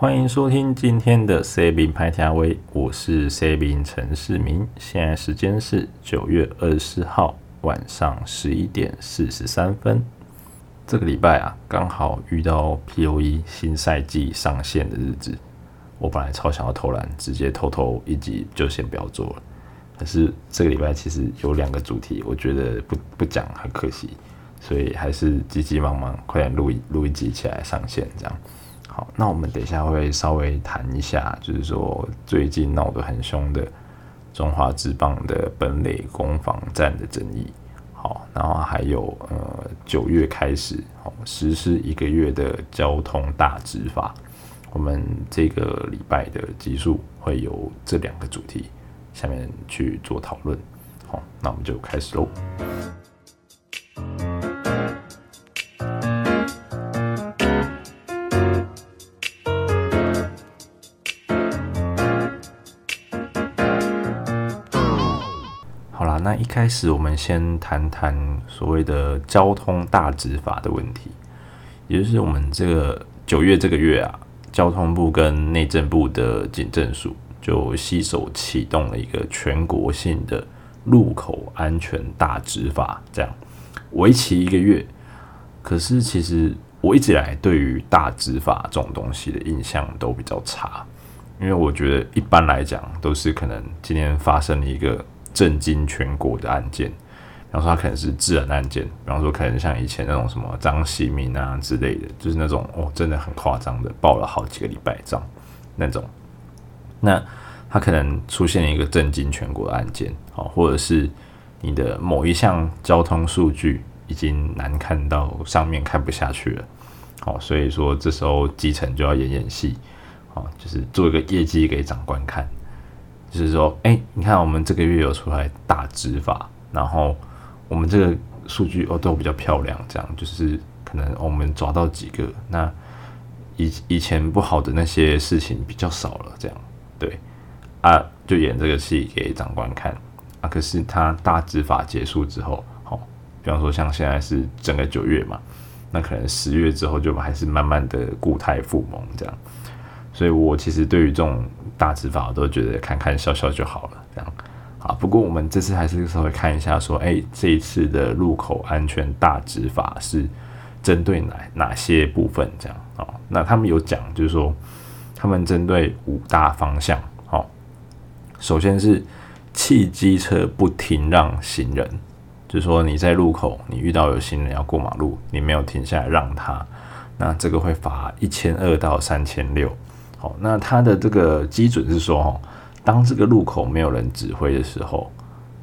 歡迎收聽今天的 s a b i n 派台，V 我是 s a b i n 陳世明。現在時間是九月二十四號晚上十一點四十三分。這個禮拜啊，剛好遇到 POE 新賽季上線的日子。我本來超想要偷懶，直接偷偷一集就先不要做了。可是這個禮拜其實有兩個主題，我覺得不不講很可惜，所以還是急急忙忙快點錄一錄一集起來上線，這樣。好，那我們等一下會稍微談一下，就是說最近鬧得很凶的中華職棒的本壘攻防戰的爭議。好，然後還有呃九月開始好、哦、實施一個月的交通大執法。我們這個禮拜的集數會有這兩個主題，下面去做討論。好，那我們就開始嘍。好啦，那一開始我們先談談所謂的交通大執法的問題，也就是我們這個九月這個月啊，交通部跟內政部的警政署就攜手啟動了一個全國性的路口安全大執法，這樣為期一個月。可是其實我一直以來對於大執法這種東西的印象都比較差，因為我覺得一般來講都是可能今天發生了一個。震驚全國的案件，比方說它可能是治安案件，比方說可能像以前那種什麼張喜明啊之類的，就是那種哦真的很誇張的，報了好幾個禮拜賬那種。那它可能出現一個震驚全國的案件，好、哦，或者是你的某一項交通數據已經難看到上面看不下去了，好、哦，所以說這時候基層就要演演戲，好、哦，就是做一個業績給長官看。就是說，哎、欸，你看我們這個月有出來大執法，然後我們這個數據哦都比較漂亮，這樣就是可能、哦、我們抓到幾個，那以以前不好的那些事情比較少了，這樣對啊，就演這個戲給長官看啊。可是他大執法結束之後，好、哦，比方說像現在是整個九月嘛，那可能十月之後就還是慢慢的故態復萌這樣。所以我其實對於這種大執法，我都覺得看看笑笑就好了，這樣啊。不過我們這次還是稍微看一下，說，哎、欸，這一次的路口安全大執法是針對哪哪些部分？這樣啊、哦。那他們有講，就是說他們針對五大方向，哦。首先是汽機車不停讓行人，就是說你在路口，你遇到有行人要過馬路，你沒有停下來讓他，那這個會罰一千二到三千六。好，那它的這個基準是說，哦，當這個路口沒有人指揮的時候，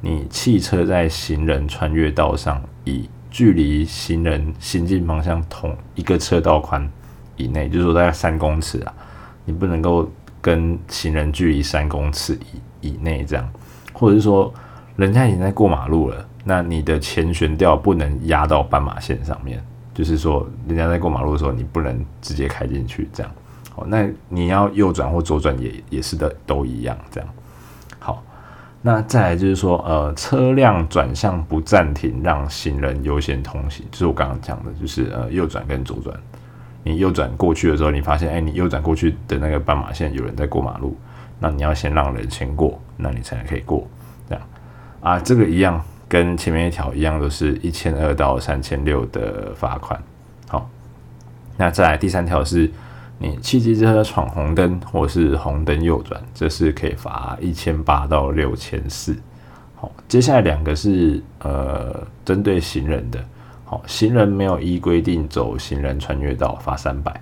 你汽車在行人穿越道上以距離行人行進方向同一個車道寬以內，就是說大概三公尺啊，你不能夠跟行人距離三公尺以以內這樣，或者是說人家已經在過馬路了，那你的前懸吊不能壓到斑馬線上面，就是說人家在過馬路的時候，你不能直接開進去這樣。那你要右轉或左轉也也是的，都一樣這樣。好，那再來就是說，呃，車輛轉向不暫停讓行人優先通行，就是我剛剛講的，就是呃右轉跟左轉。你右轉過去的時候，你發現哎、欸，你右轉過去的那個斑馬線有人在過馬路，那你要先讓人先過，那你才可以過這樣。啊，這個一樣跟前面一條一樣，都、就是一千二到三千六的罰款。好，那再來第三條是。你騎機車闖紅燈，或是紅燈右轉，這是可以罰一千八到六千四。好，接下來兩個是呃，針對行人的。好，行人沒有依規定走行人穿越道，罰三百。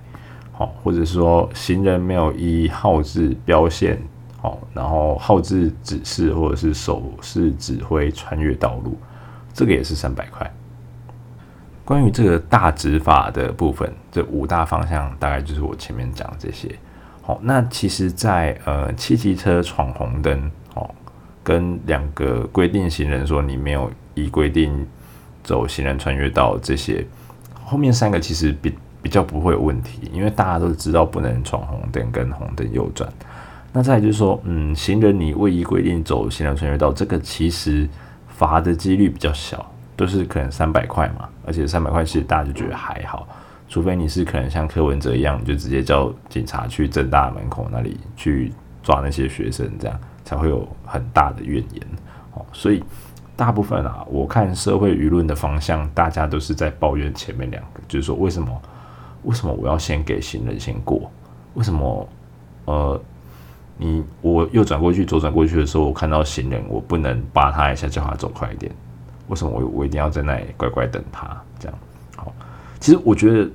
好，或者說行人沒有依號志標線，好，然後號志指示或者是手勢指揮穿越道路，這個也是三百塊。關於這個大執法的部分，這五大方向大概就是我前面講的這些。好、哦，那其實在，在呃，汽機車闖紅燈，好、哦，跟兩個規定行人說你沒有依規定走行人穿越道，這些後面三個其實比比較不會有問題，因為大家都知道不能闖紅燈跟紅燈右轉。那再來就是說，嗯，行人你未依規定走行人穿越道，這個其實罰的幾率比較小，都是可能三百塊嘛。而且三百塊其實大家就覺得還好，除非你是可能像柯文哲一樣，你就直接叫警察去政大門口那裡去抓那些學生，這樣才會有很大的怨言。哦，所以大部分啊，我看社會輿論的方向，大家都是在抱怨前面兩個，就是說為什麼為什麼我要先給行人先過？為什麼呃你我右轉過去左轉過去的時候，我看到行人，我不能扒他一下叫他走快一點？為什麼我我一定要在那裡乖乖等他？這樣好，其實我覺得，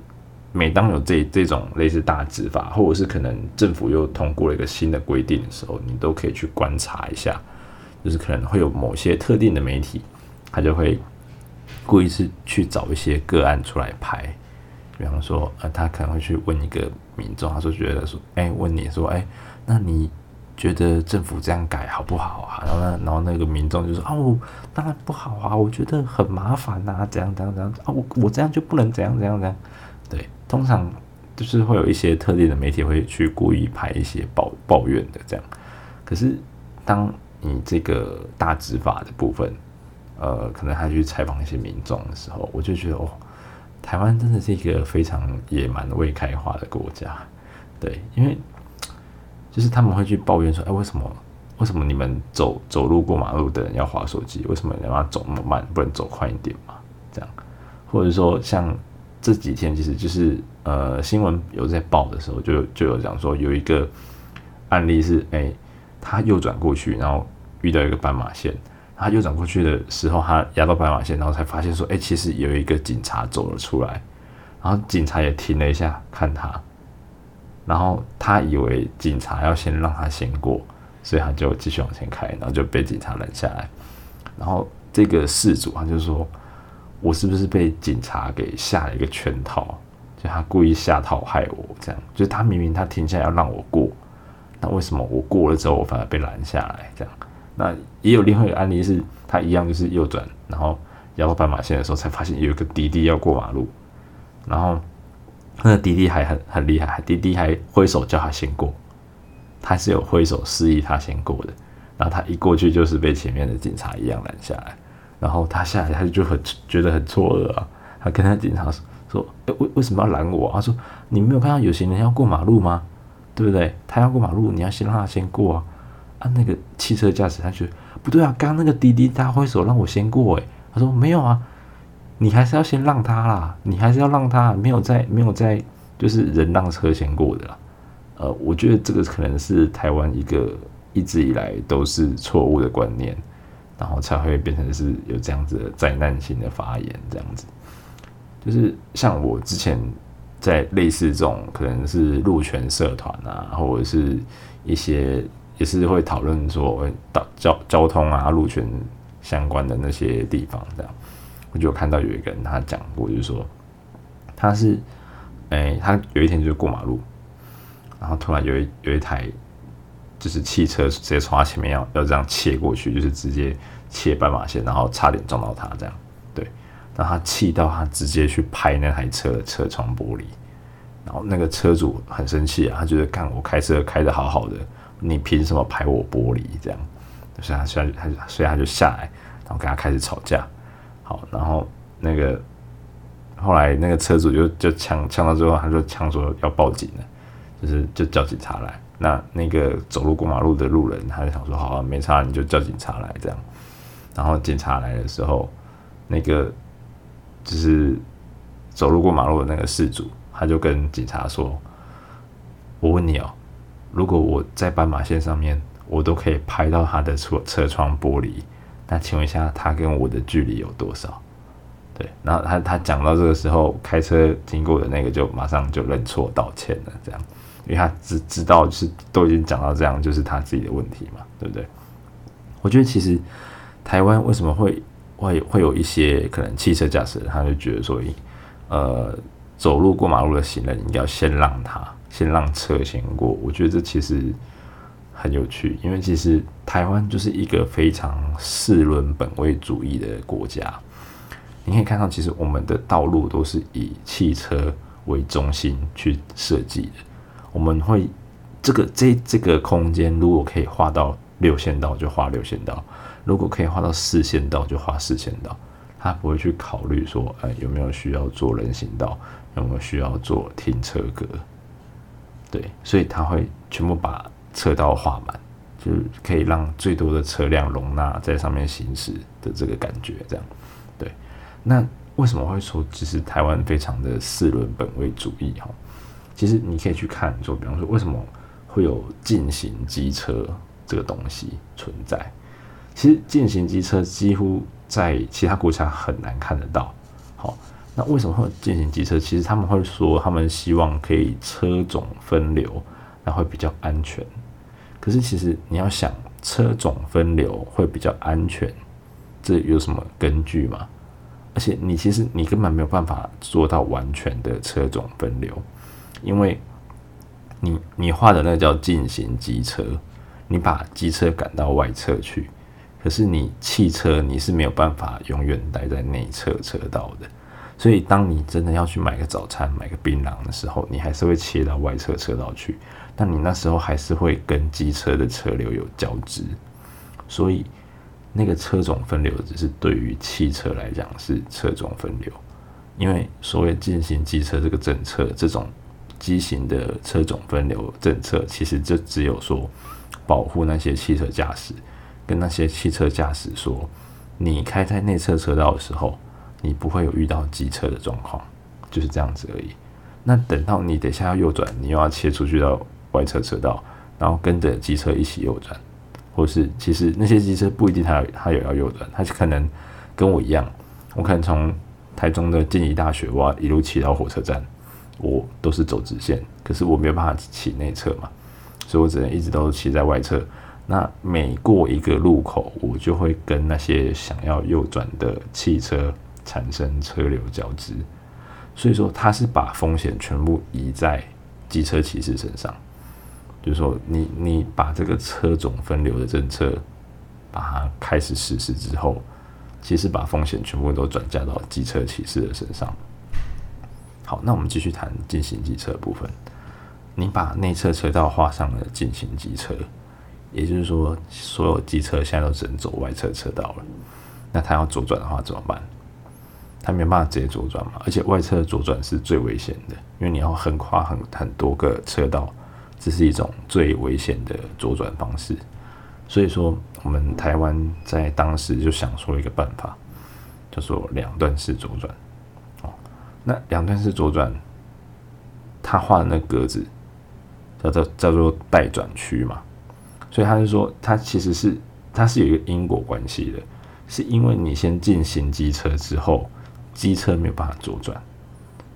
每當有這這種類似大執法，或者是可能政府又通過了一個新的規定的時候，你都可以去觀察一下，就是可能會有某些特定的媒體，他就會故意是去找一些個案出來拍，比方說，呃，他可能會去問一個民眾，他說覺得說，哎，問你說，哎，那你。覺得政府這樣改好不好啊？然後呢，然後那個民眾就說：“哦，當然不好啊，我覺得很麻煩吶，怎樣怎樣怎樣啊，這樣這樣這樣哦、我我這樣就不能怎樣怎樣怎樣。這樣這樣”對，通常就是會有一些特定的媒體會去故意拍一些抱抱怨的這樣。可是，當你這個大執法的部分，呃，可能他去採訪一些民眾的時候，我就覺得哦，台灣真的是一個非常野蠻未開化的國家，對，因為。就是他們會去抱怨說，哎，為什麼，為什麼你們走走路過馬路的人要滑手機？為什麼你要，要走那麼慢，不能走快一點嘛，這樣，或者說像這幾天，其實就是呃，新聞有在報的時候就，就就有講說有一個案例是，哎，他右轉過去，然後遇到一個斑馬線，他右轉過去的時候，他壓到斑馬線，然後才發現說，哎，其實有一個警察走了出來，然後警察也停了一下看他。然後他以為警察要先讓他先過，所以他就繼續往前開，然後就被警察攔下來。然後這個事主他就說：“我是不是被警察給下了一個圈套？就他故意下套害我這樣？就他明明他停下來要讓我過，那為什麼我過了之後我反而被攔下來這樣？那也有另外一個案例是，他一樣就是右轉，然後壓到斑馬線的時候才發現有一個滴滴要過馬路，然後。”那弟弟還很很厲害，弟弟還揮手叫他先過，他是有揮手示意他先過的。然後他一過去就是被前面的警察一樣攔下來。然後他下來他就很覺得很錯愕啊，他跟他警察說：“說為、欸、為什麼要攔我、啊？”他說：“你沒有看到有行人要過馬路嗎？對不對？他要過馬路，你要先讓他先過啊。”啊，那個汽車駕駛他覺得不對啊，剛剛那個弟弟他揮手讓我先過、欸，誒，他說沒有啊。你還是要先讓他啦，你還是要讓他沒有在沒有在，就是人讓車先過的啦。呃，我覺得這個可能是台灣一個一直以來都是錯誤的觀念，然後才會變成是有這樣子的災難性的發言這樣子。就是像我之前在類似這種可能是路權社團啊，或者是一些也是會討論說到、欸、交交通啊路權相關的那些地方這樣。我就有看到有一個人，他講過，就是說他是，誒、欸，他有一天就是過馬路，然後突然有一有一台就是汽車直接從他前面要，要要這樣切過去，就是直接切斑馬線，然後差點撞到他這樣。對，然後他氣到他直接去拍那台車車窗玻璃，然後那個車主很生氣啊，他覺得看我開車開得好好的，你憑什麼拍我玻璃這樣？所以他，所以他雖然他所以他就下來，然後跟他開始吵架。然後那個後來那個車主就就嗆，嗆到最後，他就嗆說要報警了，就是就叫警察來。那那個走路過馬路的路人，他就想說好啊，沒差，你就叫警察來這樣。然後警察來的時候，那個就是走路過馬路的那個事主，他就跟警察說：“我問你哦，如果我在斑馬線上面，我都可以拍到他的車車窗玻璃。”那請問一下，他跟我的距離有多少？對，然後他他講到這個時候，開車經過的那個就馬上就認錯道歉了，這樣，因為他知知道就是都已經講到這樣，就是他自己的問題嘛，對不對？我覺得其實台灣為什麼會會會有一些可能汽車駕駛人，他就覺得說呃，走路過馬路的行人應該要先讓他先讓車先過。我覺得這其實很有趣，因為其實台灣就是一個非常四輪本位主義的國家。你可以看到，其實我們的道路都是以汽車為中心去設計的。我們會這個這這個空間，如果可以畫到六線道，就畫六線道；如果可以畫到四線道，就畫四線道。它不會去考慮說，呃、哎，有沒有需要做人行道，有沒有需要做停車格。對，所以他會全部把。車道畫滿，就是可以讓最多的車輛容納在上面行駛的這個感覺，這樣，對。那為什麼會說其實台灣非常的四輪本位主義哈？其實你可以去看，就比方說為什麼會有禁行機車這個東西存在？其實禁行機車幾乎在其他國家很難看得到。好，那為什麼會有禁行機車？其實他們會說他們希望可以車種分流，那會比較安全。可是，其實你要想車種分流會比較安全，這有什麼根據嗎？而且，你其實你根本沒有辦法做到完全的車種分流，因為你，你你畫的那叫禁行機車，你把機車趕到外側去，可是你汽車你是沒有辦法永遠待在內側車道的，所以，當你真的要去買個早餐、買個檳榔的時候，你還是會切到外側車道去。那你那時候還是會跟機車的車流有交織，所以那個車種分流只是對於汽車來講是車種分流，因為所謂進行機車這個政策，這種機型的車種分流政策，其實就只有說保護那些汽車駕駛，跟那些汽車駕駛說，你開在內側車道的時候，你不會有遇到機車的狀況，就是這樣子而已。那等到你等下要右轉，你又要切出去到。外側車，車道，然後跟着機車一起右轉，或是其實那些機車不一定他有他有要右轉，他就可能跟我一樣，我可能從台中的靜宜大學我要一路騎到火車站，我都是走直線，可是我沒有辦法騎內側嘛，所以我只能一直都騎在外側。那每過一個路口，我就會跟那些想要右轉的汽車產生車流交織，所以說他是把風險全部移在機車騎士身上。就是說，你，你你把這個車種分流的政策，把它開始實施之後，其實把風險全部都轉嫁到機車騎士的身上。好，那我們繼續談禁行機車的部分。你把內側車道劃上了禁行機車，也就是說，所有機車現在都只能走外側車道了。那它要左轉的話怎麼辦？它沒有辦法直接左轉嘛，而且外側的左轉是最危險的，因為你要橫跨很很多個車道。這是一種最危險的左轉方式，所以說我們台灣在當時就想出了一個辦法，叫做兩段式左轉。哦，那兩段式左轉，他畫的那個格子叫做叫做待轉區嘛，所以他就說，他其實是他是有一個因果關係的，是因為你先進行機車之後，機車沒有辦法左轉，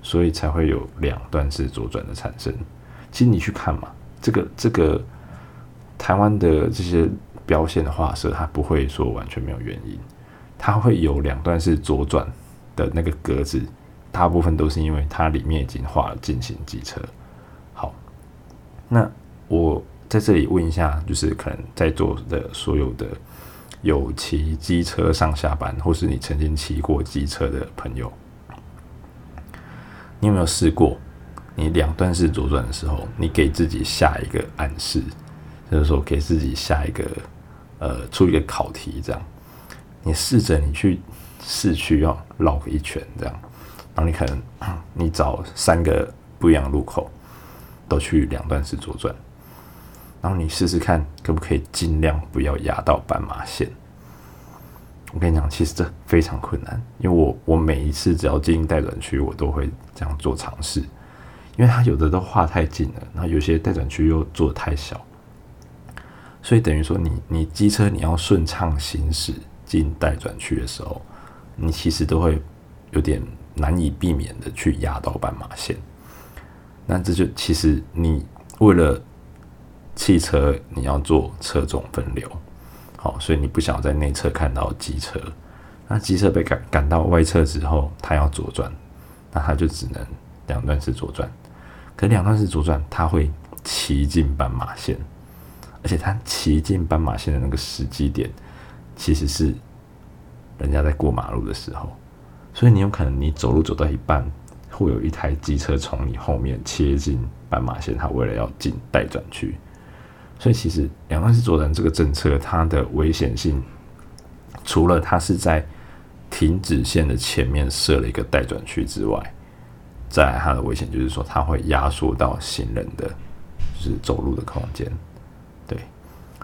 所以才會有兩段式左轉的產生。其實你去看嘛。這個這個台灣的這些標線的劃設，它不會說完全沒有原因，它會有兩段式左轉的那個格子，大部分都是因為它裡面已經畫了禁行機車。好，那我在這裡問一下，就是可能在座的所有的有騎機車上下班，或是你曾經騎過機車的朋友，你有沒有試過？你兩段式左轉的時候，你給自己下一個暗示，就是說給自己下一個，呃，出一個考題，這樣。你試着你去市區要、啊、繞個一圈，這樣。然後你可能你找三個不一樣的路口，都去兩段式左轉，然後你試試看可不可以盡量不要壓到斑馬線。我跟你講，其實這非常困難，因爲我我每一次只要進待轉區，我都會這樣做嘗試。因為它有的都畫太近了，然後有些待轉區又做太小，所以等於說你你機車你要順暢行駛進待轉區的時候，你其實都會有點難以避免的去壓到斑馬線。那這就其實你為了汽車你要做車種分流，好，所以你不想在內側看到機車，那機車被趕趕到外側之後，它要左轉，那它就只能兩段式左轉。可兩段式左轉，它會騎進斑馬線，而且它騎進斑馬線的那個時機點，其實是人家在過馬路的時候，所以你有可能你走路走到一半，會有一台機車從你後面切進斑馬線，它為了要進待轉區，所以其實兩段式左轉這個政策，它的危險性，除了它是在停止線的前面設了一個待轉區之外，再來它的危險就是說，它會壓縮到行人的就是走路的空間，對，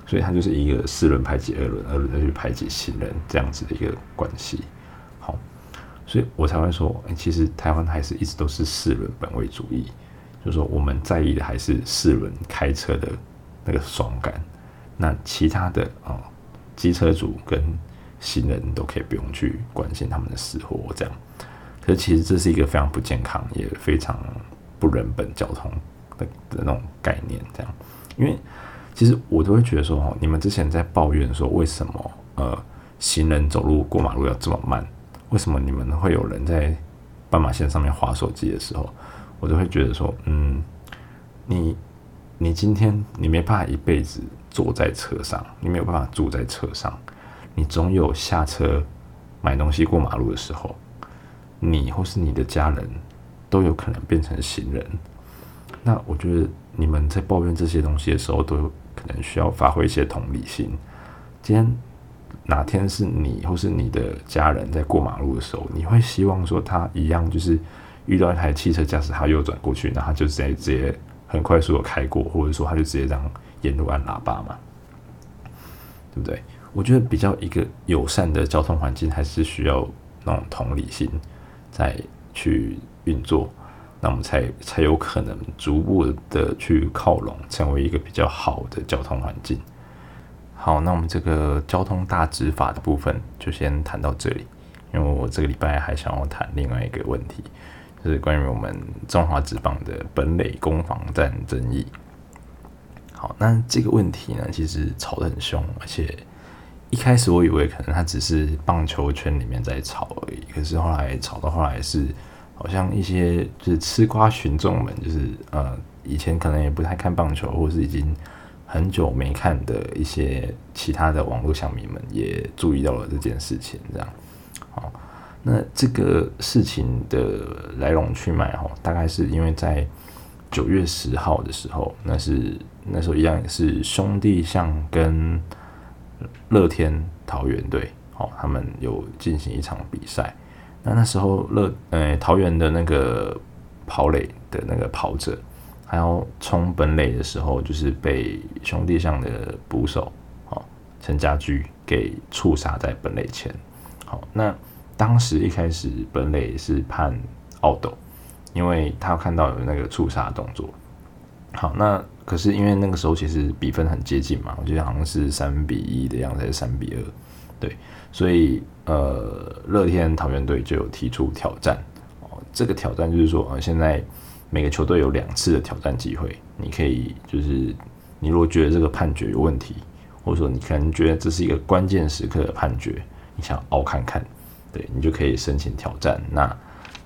所以它就是一個四輪排擠二輪，二輪再去排擠行人這樣子的一個關係。好，所以我才會說，其實台灣還是一直都是四輪本位主義，就是說我們在意的還是四輪開車的那個爽感，那其他的啊機車主跟行人都可以不用去關心他們的死活這樣。可是其實這是一個非常不健康，也非常不人本交通的的那種概念，這樣。因為其實我都會覺得說，哦，你們之前在抱怨說為什麼呃行人走路過馬路要這麼慢？為什麼你們會有人在斑馬線上面滑手機的時候，我都會覺得說，嗯，你你今天你沒辦法一輩子坐在車上，你沒有辦法住在車上，你總有下車買東西過馬路的時候。你或是你的家人，都有可能變成行人。那我覺得你們在抱怨這些東西的時候，都有可能需要發揮一些同理心。今天哪天是你或是你的家人在過馬路的時候，你會希望說他一樣就是遇到一台汽車駕駛，他右轉過去，那他就直接直接很快速的開過，或者說他就直接這樣沿路按喇叭嘛？對不對？我覺得比較一個友善的交通環境，還是需要那種同理心。再去運作，那我們才才有可能逐步的去靠攏，成為一個比較好的交通環境。好，那我們這個交通大執法的部分就先談到這裡，因為我這個禮拜還想要談另外一個問題，就是關於我們中華職棒的本壘攻防戰爭議。好，那這個問題呢，其實吵得很兇，而且。一開始我以為可能他只是棒球圈裡面在吵而已，可是後來吵到後來是好像一些就是吃瓜群眾們，就是呃以前可能也不太看棒球，或是已經很久沒看的一些其他的網絡鄉民們也注意到了這件事情，這樣。好，那這個事情的來龍去脈哦，大概是因為在九月十號的時候，那是那時候一樣也是兄弟象跟。樂天桃猿隊，哦，他們有進行一場比賽。那那時候樂，呃，桃猿的那個跑壘的那個跑者，還要衝本壘的時候，就是被兄弟象的捕手，哦陳家駒給觸殺在本壘前。好、哦，那當時一開始本壘是判奧鬥，因為他看到有那個觸殺動作。好，那。可是因為那個時候其實比分很接近嘛，我覺得好像是三比一的樣子還是三比二，對，所以呃，樂天桃猿隊就有提出挑戰哦。這個挑戰就是說，啊、呃，現在每個球隊有兩次的挑戰機會，你可以就是你如果覺得這個判決有問題，或者說你可能覺得這是一個關鍵時刻的判決，你想要凹看看，對你就可以申請挑戰。那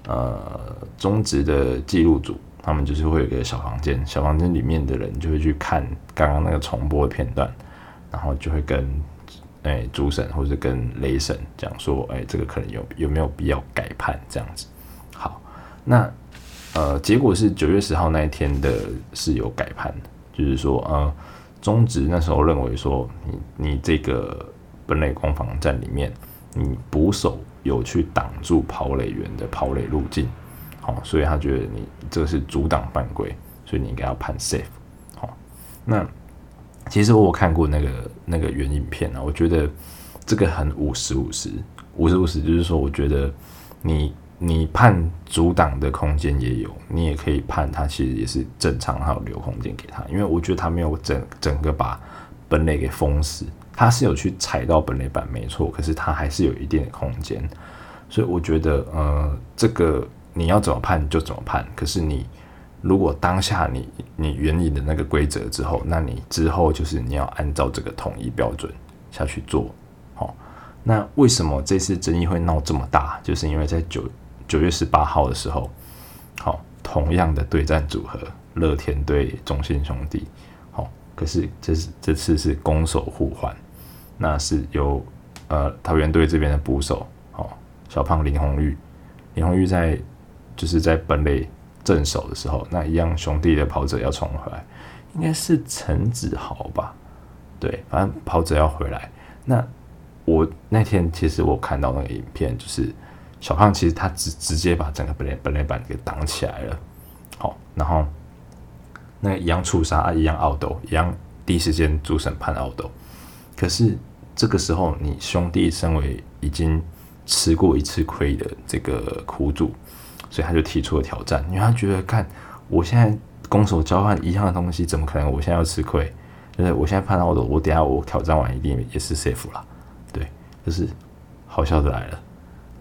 呃，中職的紀錄組。他們就是會有一個小房間，小房間裡面的人就會去看剛剛那個重播的片段，然後就會跟哎主審或者跟壘審講說，哎，這個可能有有沒有必要改判這樣子？好，那呃，結果是九月十號那一天的是有改判的，就是說呃，中職那時候認為說，你你這個本壘攻防戰裡面，你捕手有去擋住跑壘員的跑壘路徑。所以他覺得你這個是阻擋犯規，所以你應該要判 safe，哦。好，那其實我有看過那個那個原影片啊，我覺得這個很五十五十，五十五十就是說，我覺得你你判阻擋的空間也有，你也可以判他其實也是正常，還有留空間給他，因為我覺得他沒有整整個把本壘給封死，他是有去踩到本壘板沒錯，可是他還是有一定的空間，所以我覺得呃這個。你要怎麼判就怎麼判，可是你如果當下你你援引的那個規則之後，那你之後就是你要按照這個統一標準下去做。好、哦，那為什麼這次爭議會鬧這麼大？就是因為在九九月十八號的時候，好、哦，同樣的對戰組合，樂天對中信兄弟，好、哦，可是這是這次是攻守互換，那是由呃桃園隊這邊的捕手，好、哦，小胖林泓育，林泓育在。就是在本壘鎮守的時候，那一樣兄弟的跑者要衝回來，應該是陳子豪吧？對，反正跑者要回來。那我那天其實我看到那個影片，就是小胖其實他直直接把整個本壘本壘板給擋起來了。好、哦，然後那一樣觸殺，一樣奧鬥，一樣第一時間主審判奧鬥。可是這個時候，你兄弟身為已經吃過一次虧的這個苦主。所以他就提出了挑戰，因為他覺得看我現在攻守交換一樣的東西，怎麼可能我現在要吃虧？就是我現在判到奧斗，我等下我挑戰完一定也是 safe 了。對，就是好笑的來了，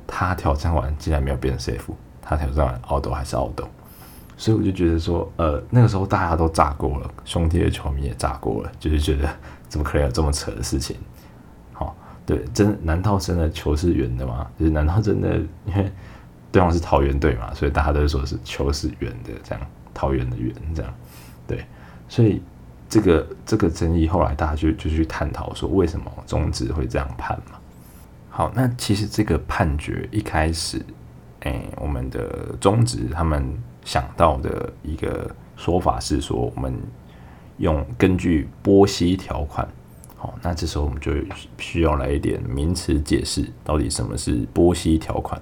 他挑戰完竟然沒有變成 safe，他挑戰完奧斗還是奧斗。所以我就覺得說，呃，那個時候大家都炸過了，兄弟的球迷也炸過了，就是覺得怎麼可能有這麼扯的事情？好，對，真難道真的球是圓的嗎？就是難道真的因為？對方是桃園隊嘛，所以大家都是說是球是圓的，這樣桃園的圓這樣，對，所以這個這個爭議後來大家就就去探討說為什麼中職會這樣判嘛。好，那其實這個判決一開始，哎，我們的中職他們想到的一個說法是說，我們用根據波西條款，好，那這時候我們就需要來一點名詞解釋，到底什麼是波西條款。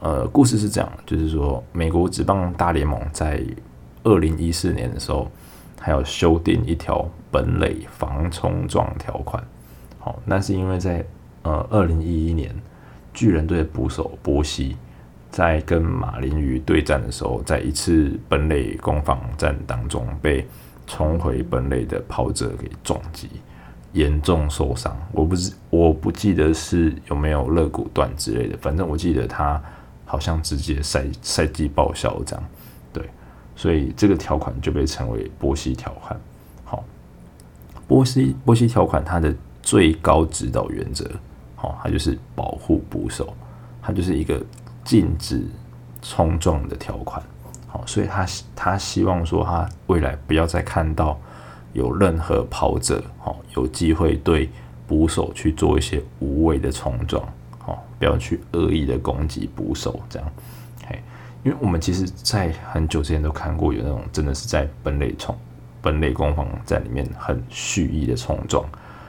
呃，故事是這樣，就是說，美國職棒大聯盟在二零一四年的時候，還要修訂一條本壘防衝撞條款。好、哦，那是因為在呃二零一一年，巨人隊的捕手波西在跟馬林魚對戰的時候，在一次本壘攻防戰當中，被衝回本壘的跑者給撞擊，嚴重受傷。我不知，我不記得是有沒有肋骨斷之類的，反正我記得他。好像直接賽賽季報銷這樣，對，所以這個條款就被稱為波西條款。好，波西波西條款它的最高指導原則，好，它就是保護捕手，它就是一個禁止衝撞的條款。好，所以他他希望說，他未來不要再看到有任何跑者，好，有機會對捕手去做一些無謂的衝撞。哦，不要去惡意的攻擊捕手這樣，嘿，因為我們其實，在很久之前都看過有那種真的是在奔壘衝、奔壘攻防在裡面很蓄意的衝撞，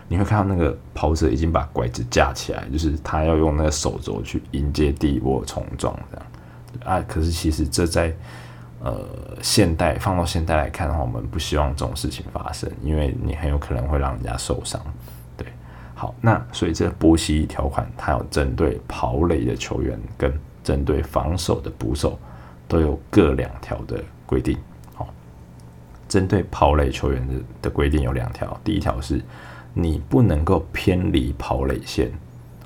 你會看到那個跑者已經把拐子架起來，就是他要用那個手肘去迎接第一波衝撞這樣，啊，可是其實這在呃現代放到現代來看的話，我們不希望這種事情發生，因為你很有可能會讓人家受傷。好，那所以這個波西條款，它有針對跑壘的球員跟針對防守的捕手，都有各兩條的規定。好、哦，針對跑壘球員的的規定有兩條，第一條是你不能夠偏離跑壘線，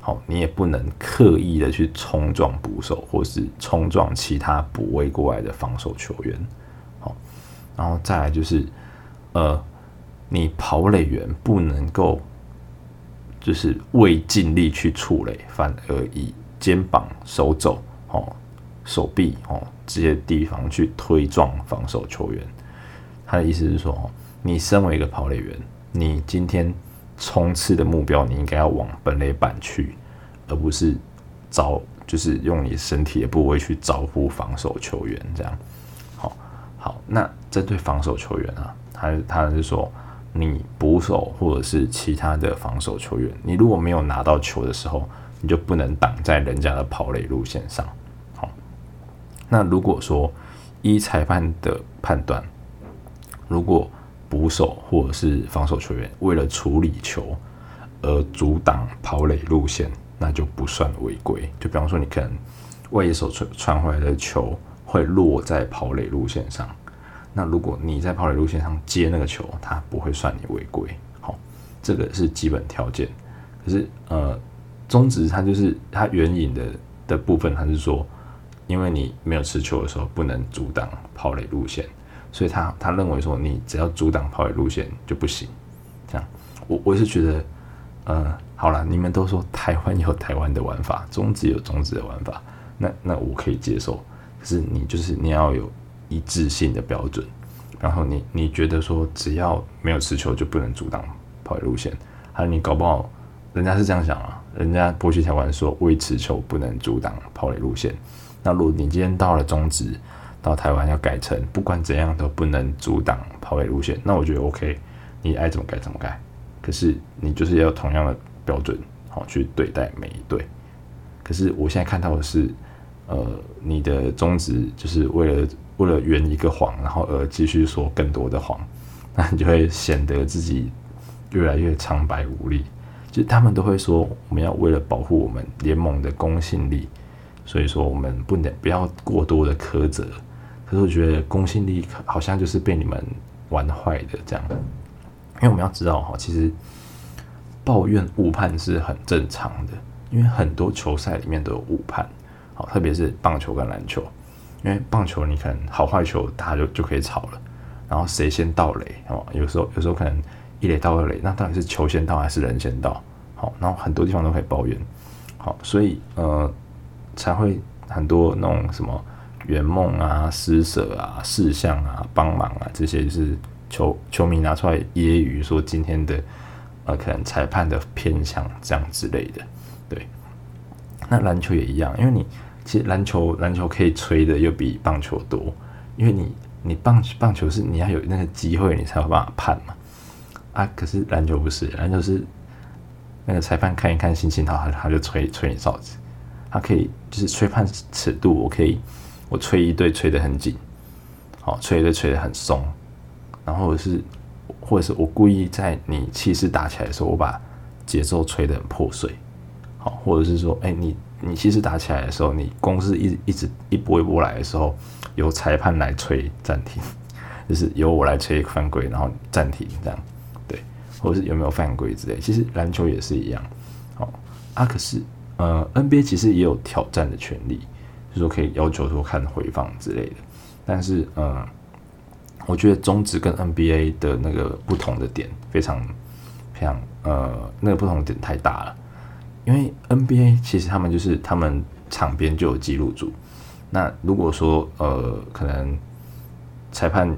好、哦，你也不能刻意的去衝撞捕手或是衝撞其他補位過來的防守球員，好、哦，然後再來就是，呃，你跑壘員不能夠。就是未盡力去觸壘，反而以肩膀、手肘、哦、手臂、哦這些地方去推撞防守球員。他的意思是說，哦，你身為一個跑壘員，你今天衝刺的目標，你應該要往本壘板去，而不是招，就是用你身體的部位去招呼防守球員這樣。好，哦，好，那針對防守球員啊，他他是說。你捕手或者是其他的防守球員，你如果沒有拿到球的時候，你就不能擋在人家的跑壘路線上。好，那如果說依裁判的判斷，如果捕手或者是防守球員為了處理球而阻擋跑壘路線，那就不算違規。就比方說，你可能外野手傳傳回來的球會落在跑壘路線上。那如果你在跑壘路線上接那個球，它不會算你違規。好、哦，這個是基本條件。可是呃，中職它就是它援引的的部分，它是說，因為你沒有持球的時候不能阻擋跑壘路線，所以他他認為說你只要阻擋跑壘路線就不行。這樣，我我是覺得，呃，好啦，你們都說台灣有台灣的玩法，中職有中職的玩法，那那我可以接受。可是你就是你要有。一致性的標準，然後你你覺得說，只要沒有持球就不能阻擋跑壘路線，還有你搞不好人家是這樣想啊，人家波西條款說未持球不能阻擋跑壘路線，那如果你今天到了中職，到台灣要改成不管怎樣都不能阻擋跑壘路線，那我覺得 OK，你愛怎麼改怎麼改，可是你就是要同樣的標準好去對待每一隊，可是我現在看到的是，呃，你的宗旨就是為了。為了圓一個謊，然後而繼續說更多的謊，那你就會顯得自己越來越蒼白無力。其實他們都會說，我們要為了保護我們聯盟的公信力，所以說我們不能不要過多的苛責。可是我覺得公信力好像就是被你們玩壞的這樣。因為我們要知道哈，其實抱怨誤判是很正常的，因為很多球賽裡面都有誤判，好，特別是棒球跟籃球。因為棒球，你可能好壞球，它就就可以吵了。然後誰先到壘，哦，有時候有時候可能一壘到二壘，那到底是球先到還是人先到？好、哦，然後很多地方都可以抱怨。好、哦，所以呃才會很多那種什麼猿夢啊、獅捨啊、識象啊、邦忙啊，這些就是球球迷拿出來揶揄說今天的呃可能裁判的偏向這樣之類的。對，那籃球也一樣，因為你。其實籃球籃球可以吹得又比棒球多，因為你你棒棒球是你要有那個機會你才有辦法判嘛，啊可是籃球不是籃球是那個裁判看一看心情好他他就吹吹你哨子，他可以就是吹判尺度，我可以我吹一隊吹得很緊，好，吹一隊吹得很鬆，然後我是或者是我故意在你氣勢打起來的時候，我把節奏吹得很破碎，好，或者是說哎、欸、你。你其實打起來的時候，你攻勢一直一直一波一波來的時候，由裁判來吹暫停，就是由我來吹犯規，然後暫停這樣，對，或者是有沒有犯規之類的。其實籃球也是一樣。哦。阿、啊、可是，呃，NBA 其實也有挑戰的權利，就說、是、可以要求說看回放之類的。但是，嗯、呃，我覺得中職跟 NBA 的那個不同的點非常非常，呃，那個不同的點太大了。因為 NBA 其實他們就是他們場邊就有記錄組，那如果說呃可能裁判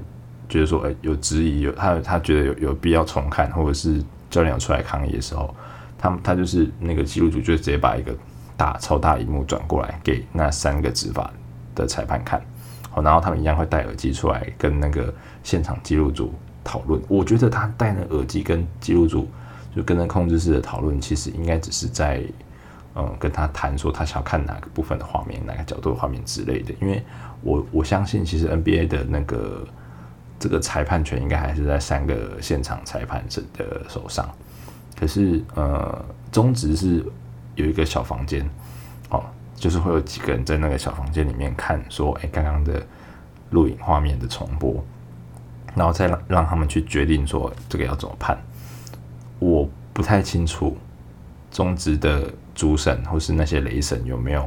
覺得說哎、欸、有質疑，有他他覺得有有必要重看，或者是教練有出來抗議的時候，他們他就是那個記錄組就直接把一個大超大熒幕轉過來給那三個執法的裁判看，好，然後他們一樣會戴耳機出來跟那個現場記錄組討論。我覺得他戴那耳機跟記錄組。就跟着控制室的討論，其實應該只是在，嗯、呃，跟他談說他想要看哪個部分的畫面、哪個角度的畫面之類的。因為我，我我相信其實 NBA 的那個這個裁判權應該還是在三個現場裁判者的手上。可是，呃，中職是有一個小房間，哦，就是會有幾個人在那個小房間裡面看，說，哎，剛剛的錄影畫面的重播，然後再讓讓他們去決定說這個要怎麼判。我不太清楚，中職的主審或是那些壘審有沒有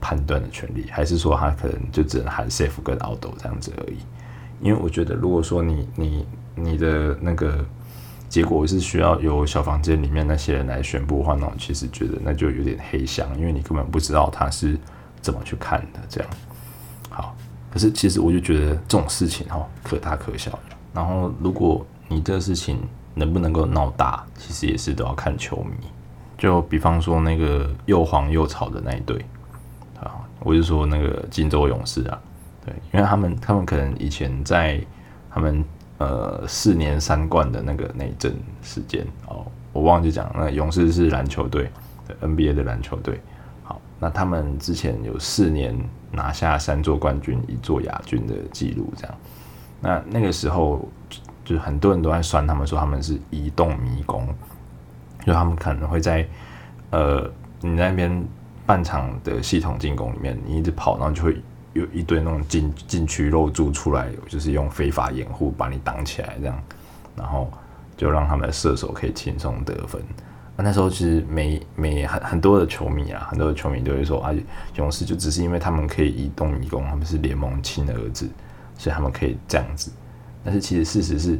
判斷的權利，還是說他可能就只能喊 safe 跟 out 這樣子而已？因為我覺得，如果說你你你的那個結果是需要由小房間裡面那些人來宣布的話，那我其實覺得那就有點黑箱，因為你根本不知道他是怎麼去看的。這樣好，可是其實我就覺得這種事情哈，可大可小。然後如果你這事情，能不能夠鬧大，其實也是都要看球迷。就比方說那個又黃又吵的那一隊啊，我就說那個金州勇士啊，對，因為他們他們可能以前在他們呃四年三冠的那個那一陣時間哦，我忘記講，那勇士是籃球隊。對，NBA 的籃球隊。好，那他們之前有四年拿下三座冠軍、一座亞軍的記錄，這樣。那那個時候，就很多人都在酸，他們說他們是移動迷宮，就他們可能會在呃你那邊半場的系統進攻裡面，你一直跑，然後就會有一堆那種禁禁區肉粽出來，就是用非法掩護把你擋起來，這樣，然後就讓他們的射手可以輕鬆得分。那那時候其實每每很很多的球迷啊，很多的球迷都會說，啊，勇士就只是因為他們可以移動迷宮，他們是聯盟親的兒子，所以他們可以這樣子。但是其實事實是，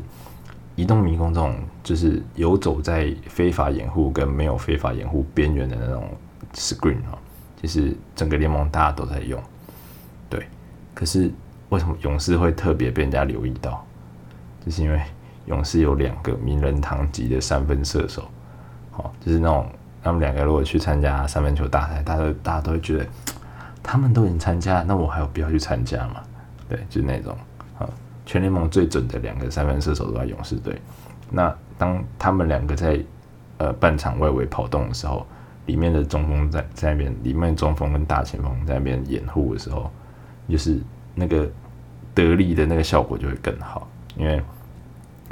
移動迷宮這種就是遊走在非法掩護跟沒有非法掩護邊緣的那種 screen 啊，就是整個聯盟大家都在用。對，可是為什麼勇士會特別被人家留意到？就是因為勇士有兩個名人堂級的三分射手，好，就是那種他們兩個如果去參加三分球大賽，大家都大家都會覺得他們都已經參加，那我還有必要去參加嗎？對，就是那種。全聯盟最準的兩個三分射手都在勇士隊。那當他們兩個在呃半場外圍跑動的時候，裡面的中鋒在在那邊，裡面的中鋒跟大前鋒在那邊掩護的時候，就是那個得力的那個效果就會更好。因為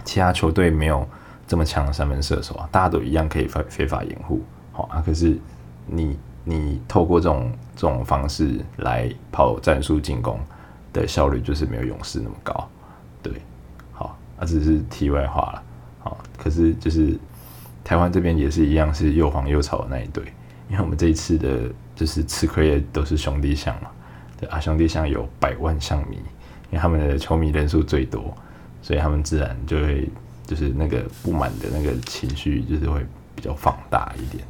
其他球隊沒有這麼強的三分射手啊，大家都一樣可以非非法掩護，好、哦、啊。可是你你透過這種這種方式來跑戰術進攻的效率，就是沒有勇士那麼高。對，好，啊，只是題外話了，好，可是就是台灣這邊也是一樣，是又黃又吵的那一隊。因為我們這一次的，就是吃虧的都是兄弟象嘛，對啊，兄弟象有百萬象迷，因為他們的球迷人數最多，所以他們自然就會就是那個不滿的那個情緒，就是會比較放大一點，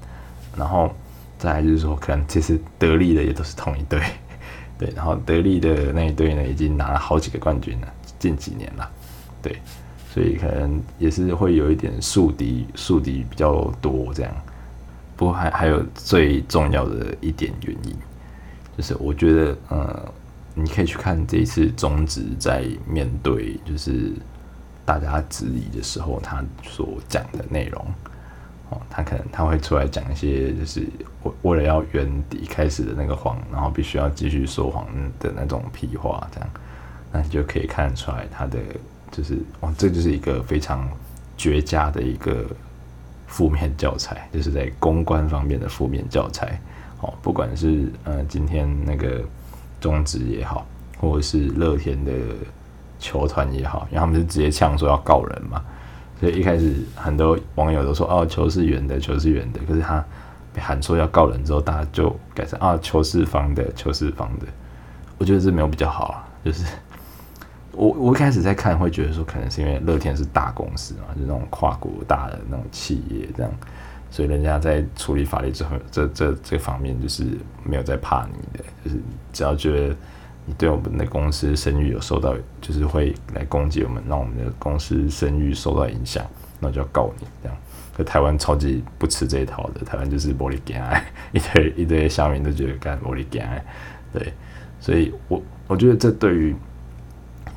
然後再來就是說，可能其實得利的也都是同一隊，對，然後得利的那一隊呢，已經拿了好幾個冠軍了。近幾年啦，對，所以可能也是會有一點樹敵，樹敵比較多這樣。不過還還有最重要的一點原因，就是我覺得，呃，你可以去看這一次中職在面對就是大家質疑的時候，他所講的內容，哦，他可能他會出來講一些，就是為為了要圓一開始的那個謊，然後必須要繼續說謊的那種屁話這樣。那就可以看得出來，他的就是哇，這就是一個非常絕佳的一個負面教材，就是在公關方面的負面教材。哦，不管是嗯、呃、今天那個中職也好，或者是樂天的球團也好，因為他們是直接嗆說要告人嘛，所以一開始很多網友都說，哦，球是圓的，球是圓的。可是他被喊說要告人之後，大家就改成啊、哦、球是方的，球是方的。我覺得這沒有比較好啊，就是。我我一開始在看，會覺得說，可能是因為樂天是大公司嘛，就是那種跨國大的那種企業這樣，所以人家在處理法律之後，這這這方面就是沒有在怕你的，就是只要覺得你對我們的公司聲譽有受到，就是會來攻擊我們，讓我們的公司聲譽受到影響，那就要告你這樣。在台灣超級不吃這一套的，台灣就是玻璃蓋，一堆一堆鄉民都覺得幹玻璃蓋，對，所以我我覺得這對於。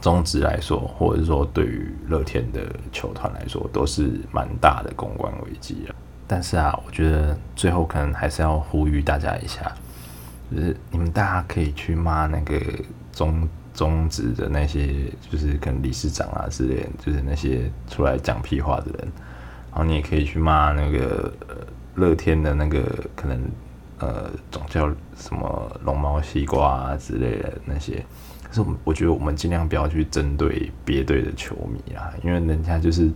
中職來說，或者說對於樂天的球團來說，都是蠻大的公關危機啊。但是啊，我覺得最後可能還是要呼籲大家一下，就是你們大家可以去罵那個中中職的那些，就是可能理事長啊之類，就是那些出來講屁話的人，然後你也可以去罵那個樂天的那個可能呃總叫什麼龍貓西瓜啊之類的那些。可是我，我覺得我們盡量不要去針對別隊的球迷啦，因為人家就是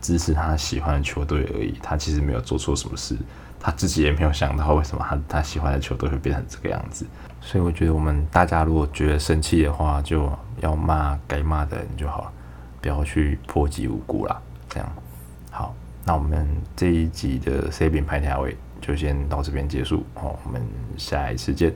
支持他喜歡的球隊而已，他其實沒有做錯什麼事，他自己也沒有想到為什麼他他喜歡的球隊會變成這個樣子。所以我覺得我們大家如果覺得生氣的話，就要罵該罵的人就好了，不要去波及無辜啦。這樣，好，那我們這一集的 CBA 排位就先到這邊結束，好，我們下一次見。